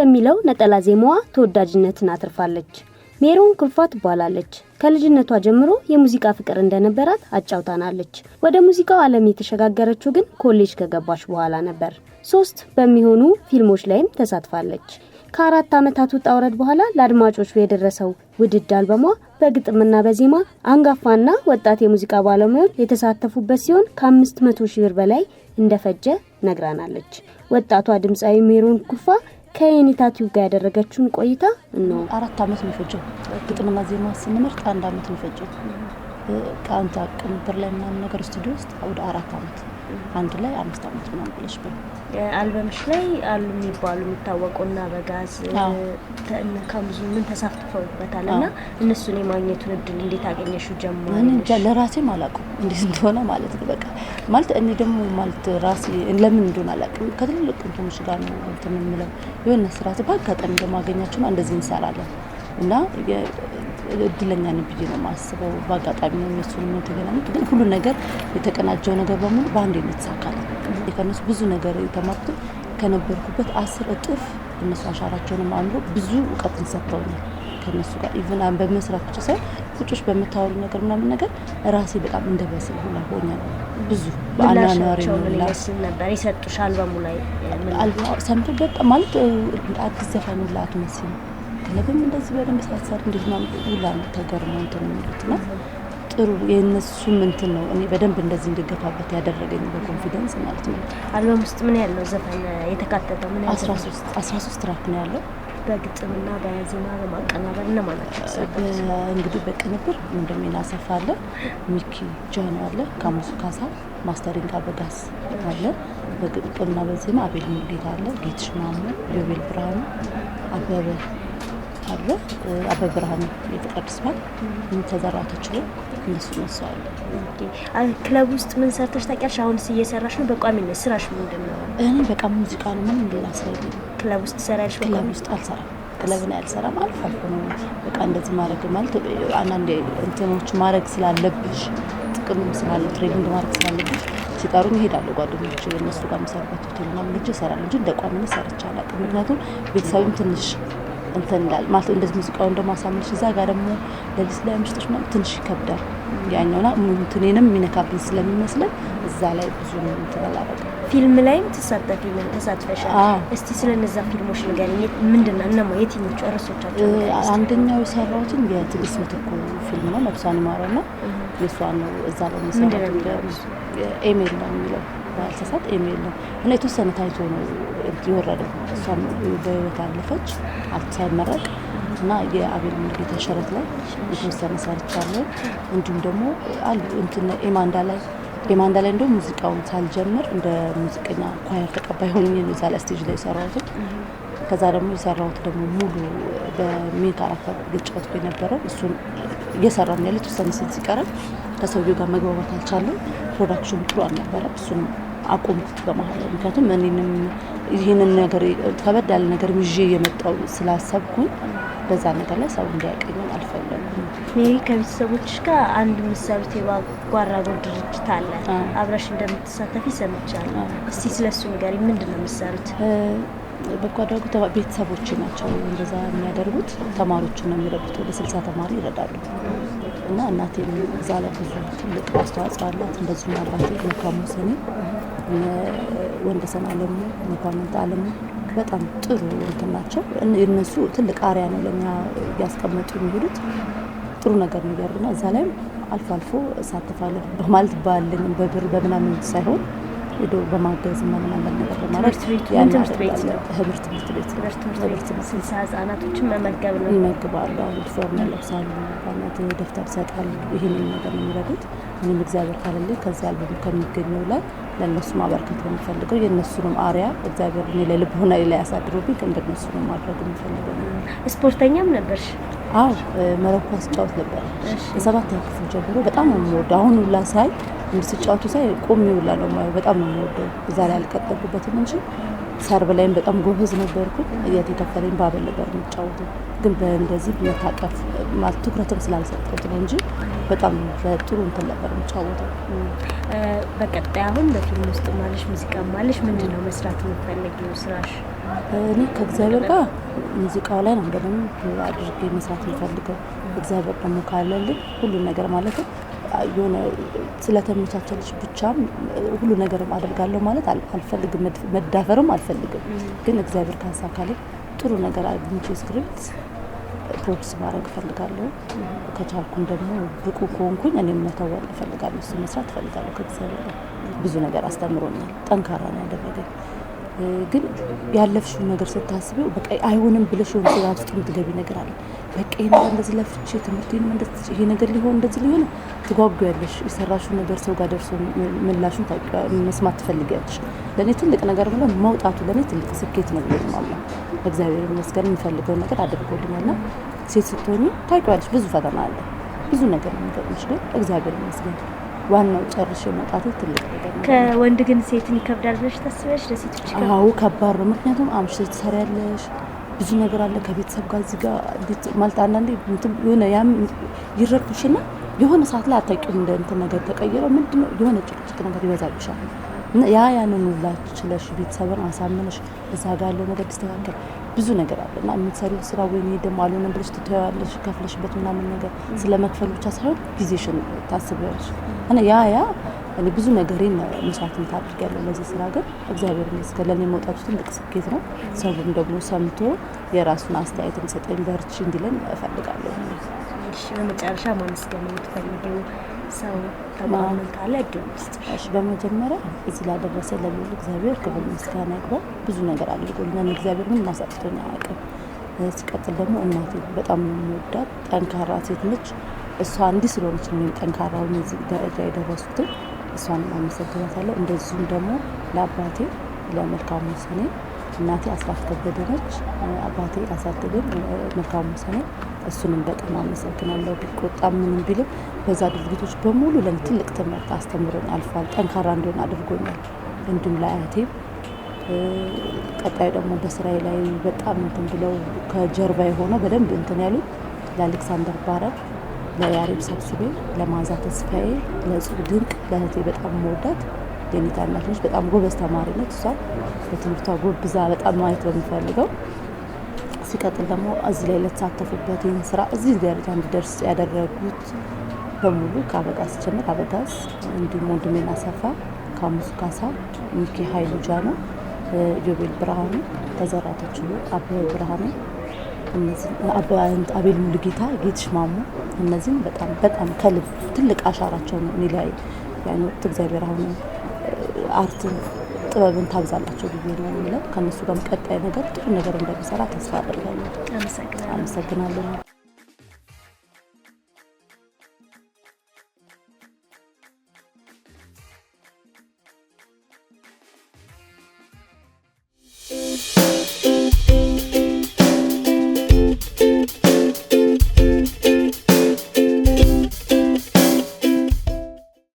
በሚለው ነጠላ ዜማዋ ተወዳጅነትን አትርፋለች። ሜሮን ኩልፋ ትባላለች። ከልጅነቷ ጀምሮ የሙዚቃ ፍቅር እንደነበራት አጫውታናለች። ወደ ሙዚቃው ዓለም የተሸጋገረችው ግን ኮሌጅ ከገባች በኋላ ነበር። ሶስት በሚሆኑ ፊልሞች ላይም ተሳትፋለች። ከአራት ዓመታት ውጣ ውረድ በኋላ ለአድማጮቹ የደረሰው ውድድ አልበሟ በግጥምና በዜማ አንጋፋና ወጣት የሙዚቃ ባለሙያዎች የተሳተፉበት ሲሆን ከአምስት መቶ ሺህ ብር በላይ እንደፈጀ ነግራናለች። ወጣቷ ድምፃዊ ሜሮን ኩፋ ከየኒታቲው ጋር ያደረገችውን ቆይታ ነው። አራት አመት ነው የፈጀው ግጥምና ዜማ ስንመርጥ አንድ አመት ነው የፈጀው ቃንታ ቅንብር ላይ ምናምን ነገር ስቱዲዮ ውስጥ ወደ አራት አመት አንድ ላይ አምስት ዓመት ምናምን ብለሽበት አልበምሽ ላይ አሉ የሚባሉ የሚታወቁ እና በጋዝ ከብዙ ምን ተሳትፈውበታል እና እነሱን የማግኘቱን እድል እንዴት አገኘሹ? ጀማሪ ለራሴም አላውቅም እንዴት እንደሆነ ማለት ነው። በቃ ማለት እኔ ደግሞ ማለት ራሴ ለምን እንደሆነ አላውቅም። ከትልልቅ እንትኖች ጋር ነው እንትን የምለው የሆነ ስራት በአጋጣሚ ደግሞ አገኛችሁ እንደዚህ እንሰራለን እና እድለኛ ነኝ ብዬ ነው የማስበው። በአጋጣሚ ነው እነሱ ነው የተገናኙት። ግን ሁሉ ነገር የተቀናጀው ነገር በሙሉ በአንድ የምትሳካል። ከነሱ ብዙ ነገር የተማርኩት ከነበርኩበት አስር እጥፍ እነሱ አሻራቸውንም አምሮ ብዙ እውቀትን ሰጥተውኛል። ከነሱ ጋር ኢቨን በመስራት ብቻ ሳይሆን ቁጮች በምታወሩ ነገር ምናምን ነገር ራሴ በጣም እንደ እንደበስል ሆና ሆኛል። ብዙ በአናኗሪ ነበር ይሰጡሻል። ላይ ሰምቶ በጣም ማለት አዲስ ዘፋኝ ላት መስል ነገም እንደዚህ በደንብ ሳሳር እንዴት ነው ሁላ ተገርሞ እንትን የሚሉት ነው። ጥሩ የእነሱም እንትን ነው። እኔ በደንብ እንደዚህ እንድገፋበት ያደረገኝ በኮንፊደንስ ማለት ነው። አልበም ውስጥ ምን ያለው ዘፈን የተካተተው? ምን አስራ ሶስት ትራክ ነው ያለው በግጥምና በዜማ በማቀናበር እነማን ናቸው? እንግዲህ በቅንብር ምንደሚና ናሰፋ አለ፣ ሚኪ ጃኖ አለ፣ ካሙሱ ካሳ ማስተሪንግ አበጋስ አለ። በግጥምና በዜማ አቤል ሙዴታ አለ፣ ጌትሽ ማሙ፣ ዮቤል ብርሃኑ፣ አበበ አለ አበ ብርሃን የፍቅር ተዘራ ተችሎ ላይ እነሱ ነሱ ክለብ ውስጥ ምን ሰርተሽ ታውቂያለሽ? አሁን እየሰራሽ ነው? በቋሚነት ስራሽ ምንድን ነው? እኔ በቃ ሙዚቃ ነው። ምን ሌላ ስራ ክለብ ውስጥ ትሰሪያለሽ? ክለብ ውስጥ አልሰራም። ክለብን ያልሰራም አልፎ አልፎ ነው በቃ እንደዚህ ማድረግ ማለት አንዳንድ እንትኖች ማድረግ ስላለብሽ ጥቅምም ስላለ ትሬኒንግ ማድረግ ስላለብሽ ሲጠሩኝ እሄዳለሁ። ጓደኞች እነሱ ጋር የምሰራበት ሆቴል ምናምን ልጅ እሰራለሁ እንጂ እንደ ቋሚነት ሰርቼ አላውቅም። ምክንያቱም ቤተሰብም ትንሽ እንትን ይላል ማለት እንደዚህ ሙዚቃውን ደግሞ አሳምንሽ እዛ ጋር ደግሞ ለሊት ላይ ምሽቶች ትንሽ ይከብዳል። ያኛውና እንትኔንም የሚነካብን ስለሚመስለን እዛ ላይ ብዙ እንትን አላደረግም። ፊልም ላይም ተሳታፊ ተሳትፈሻል። እስቲ ስለ ስለነዛ ፊልሞች ንገሪኝ። ምንድና እነማ የትኞቹ ርዕሶቻቸው? አንደኛው የሰራሁትን የትዕግስት ምትኩ ፊልም ነው ነብሷን ይማረው ነው የእሷ ነው እዛ ላይ ሚሰራ ኤሜል ነው የሚለው ባልተሳት የለም እና የተወሰነ ታይቶ ነው የወረደ። እሷም በህይወት አለፈች ሳይመረቅ እና የአቤል ሙሉጌታ ሽረት ላይ የተወሰነ ሰርቻለሁ። እንዲሁም ደግሞ አሉ እንትን ኤማንዳ ላይ ኤማንዳ ላይ እንደው ሙዚቃውን ሳልጀምር እንደ ሙዚቀኛ ኳየር ተቀባይ ሆኜ ነው እዛ ላይ ስቴጅ ላይ የሰራሁት። ከዛ ደግሞ የሰራሁት ደግሞ ሙሉ በሜካራክተር ግጭት የነበረው እሱን እየሰራ ነው ያለ። ተወሰነ ስን ሲቀረም ከሰውዬው ጋር መግባባት አልቻለም። ፕሮዳክሽን ጥሩ አልነበረም። እሱን አቆምኩት በመሀል። ምክንያቱም እኔንም ይህንን ነገር ከበድ ያለ ነገር ይዤ የመጣው ስላሰብኩኝ በዛ ነገር ላይ ሰው እንዲያቀኝ አልፈለጉም። ሜሪ ከቤተሰቦች ጋር አንድ የምትሰሩት የበጎ አድራጎት ድርጅት አለ። አብረሽ እንደምትሳተፊ ሰምቻለሁ። እስቲ ስለሱ ንገሪ። ምንድን ነው የምትሰሩት? በጎ አድራጎት ቤተሰቦች ናቸው እንደዛ የሚያደርጉት። ተማሪዎች ነው የሚረዱት። ወደ ስልሳ ተማሪ ይረዳሉ እና እናቴም እዛ ላይ ብዙ ትልቅ አስተዋጽኦ አላት። እንደዚሁም አባቴ መልካሙ ሰኔ፣ ወንደሰን አለሙ፣ መኳምንት አለሙ በጣም ጥሩ እንትን ናቸው። እነሱ ትልቅ አሪያ ነው ለእኛ እያስቀመጡ የሚሄዱት ጥሩ ነገር ነው እያደረጉና እዛ ላይም አልፎ አልፎ እሳተፋለሁ ማለት ባለኝም በብር በምናምን ሳይሆን ሄዶ በማገዝ እና ምናምን ነገር በማድረግ ትምህርት ቤት ነው ትምህርት ቤት ህጻናቶችን መመገብ ነው ይመግባሉ። ዩኒፎርም ያለብሳሉ፣ ደብተር ይሰጣሉ። ይህንን ነገር ነው የሚረዱት። እኔም እግዚአብሔር ካለልኝ ከዚህ ከሚገኘው ላይ ለእነሱ ማበረከት ነው የምፈልገው። የእነሱንም አሪያ እግዚአብሔር እኔ ላይ ልቦና ላይ ያሳድሩብኝ እንደነሱ ነው ማድረግ የሚፈልገው። ስፖርተኛም ነበርሽ? አዎ መረብ ኳስ ጫወት ነበር ከሰባት ክፍል ጀምሮ በጣም ነው የምወደው። አሁን ሁላ ሳይ እንድስጫወቱ ሳይ ቆሜ ይውላ ነው የማየው። በጣም ነው የምወደው። እዛ ላይ አልቀጠልኩበትም እንጂ ሰርብ ላይም በጣም ጎበዝ ነበርኩኝ። እየተከፈለኝ ባበል ነበር የምጫወተው፣ ግን በእንደዚህ መታቀፍ ማለት ትኩረትም ስላልሰጠት ነው እንጂ በጣም በጥሩ እንትን ነበር የምጫወተው። በቀጣይ አሁን በፊልም ውስጥ ማለሽ ሙዚቃ ማለሽ ምንድን ነው መስራት የምትፈልጊው ስራሽ? እኔ ከእግዚአብሔር ጋር ሙዚቃው ላይ ነው በደንብ አድርጌ መስራት የምፈልገው። እግዚአብሔር ደግሞ ካለልኝ ሁሉን ነገር ማለት ነው የሆነ ስለተመቻቸልሽ ብቻም ሁሉ ነገርም አደርጋለሁ ማለት አልፈልግም፣ መዳፈርም አልፈልግም። ግን እግዚአብሔር ካንሳ ካለ ጥሩ ነገር አግኝቼ ስክሪፕት ፕሮዲስ ማድረግ እፈልጋለሁ። ከቻልኩም ደግሞ ብቁ ከሆንኩኝ እኔም መተወን እፈልጋለሁ፣ እሱ መስራት እፈልጋለሁ። ከእግዚአብሔር ብዙ ነገር አስተምሮኛል፣ ጠንካራ ነው ያደረገኝ። ግን ያለፍሽውን ነገር ስታስቢው በቃ አይሆንም ብለሽ የሆነ ስጋት ውስጥ የምትገቢ ነገር አለ። በቃ ይህ ነገር እንደዚህ ለፍቼ ትምህርት ይሄ ነገር ሊሆን እንደዚህ ሊሆን ትጓጉ ያለሽ የሰራሽው ነገር ሰው ጋር ደርሶ ምላሹን መስማት ትፈልግ ያለሽ። ለእኔ ትልቅ ነገር ብለ መውጣቱ ለእኔ ትልቅ ስኬት ነው ብዬ ማለ እግዚአብሔር ይመስገን የሚፈልገው ነገር አድርጎልኛልና፣ ሴት ስትሆኚ ታውቂዋለሽ፣ ብዙ ፈተና አለ፣ ብዙ ነገር ነው የሚገጥምሽ። ግን እግዚአብሔር ይመስገን ዋናው ጨርሽ መውጣቱ ትልቅ ነገር ነው። ከወንድ ግን ሴትን ይከብዳል ብለሽ ታስቢያለሽ? ለሴቶች ይከብዳል? አዎ ከባድ ነው። ምክንያቱም አምሽተሽ ትሰሪያለሽ፣ ብዙ ነገር አለ ከቤተሰብ ጋር እዚህ ጋር ማለት አንዳንዴ የሆነ ያም ይረብሽና የሆነ ሰዓት ላይ አታውቂውም እንደ እንትን ነገር ተቀይሮ ምንድነው የሆነ ጭቅጭቅ ነገር ይበዛብሻል። ያ ያንን ሁላችሁ ችለሽ ቤተሰብን አሳምነሽ እዛ ጋር ያለው ነገር ቢስተካከል ብዙ ነገር አለ እና የምትሰሪው ስራ ወይም ይሄ ደግሞ አልሆነም ብለሽ ትተዋለሽ ከፍለሽበት ምናምን ነገር ስለ መክፈል ብቻ ሳይሆን ጊዜሽን ታስቢያለሽ እና ያ ያ እኔ ብዙ ነገሬን መስዋዕትን ታድርግ ያለው ለዚህ ስራ ግን እግዚአብሔር ይመስገን ለእኔ መውጣቱ ትልቅ ስኬት ነው። ሰውም ደግሞ ሰምቶ የራሱን አስተያየት እንዲሰጠኝ በርቺ እንዲለን እፈልጋለሁ። በመጨረሻ ማመስገን የምትፈልጊው ሰው ተማምል ካለ እድል መስጥሽ። በመጀመሪያ እዚህ ላደረሰ ለሚሉ እግዚአብሔር ክብር ምስጋና ይግባል። ብዙ ነገር አድርጎልናል። እግዚአብሔር ምን ማሳጥቶኝ አያውቅም። ሲቀጥል ደግሞ እናቴ በጣም የምወዳት ጠንካራ ሴት ነች። እሷ እንዲህ ስለሆነች ነው ጠንካራ እዚህ ደረጃ የደረሱትን እሷን አመሰግናታለሁ። እንደዚሁም ደግሞ ለአባቴ ለመልካም ሰኔ እናቴ አስራት ከበደ ነች። አባቴ አሳደገኝ መልካም ሰኔ እሱንም በጣም አመሰግናለሁ። ቢቆጣ ምንም ቢልም በዛ ድርጊቶች በሙሉ ለኔ ትልቅ ትምህርት አስተምሮኝ አልፏል። ጠንካራ እንዲሆን አድርጎኛል። እንዲሁም ለአያቴ ቀጣዩ ደግሞ በስራዬ ላይ በጣም እንትን ብለው ከጀርባ የሆነው በደንብ እንትን ያሉ ለአሌክሳንደር ባረ፣ ለያሬም ሰብስቤ፣ ለማዛ ተስፋዬ፣ ለጹ ድንቅ፣ ለእህቴ በጣም መወዳት የኔታ እናት ነች። በጣም ጎበዝ ተማሪ ነች። እሷ በትምህርቷ ጎብዛ በጣም ማየት በምፈልገው ሲቀጥል ደግሞ እዚህ ላይ ለተሳተፉበት ይህን ስራ እዚህ ደረጃ እንዲደርስ ያደረጉት በሙሉ ከአበጋዝ ጀምር አበጋዝ፣ እንዲሁም ወንድሜን አሰፋ፣ ካሙስ ካሳ፣ ሚኪ ሀይሉ ጃኖ፣ ዮቤል ብርሃኑ፣ ተዘራቶች አበበ ብርሃኑ፣ አቤል ሙሉጌታ፣ ጌትሽ ማሙ እነዚህም በጣም በጣም ከልብ ትልቅ አሻራቸው ነው እኔ ላይ ያኖሩት እግዚአብሔር አሁን አርት ጥበብን ታብዛላቸው ብዬ ነው የሚለው። ከእነሱ ጋርም ቀጣይ ነገር ጥሩ ነገር እንደሚሰራ ተስፋ አድርጋለሁ። አመሰግናለሁ።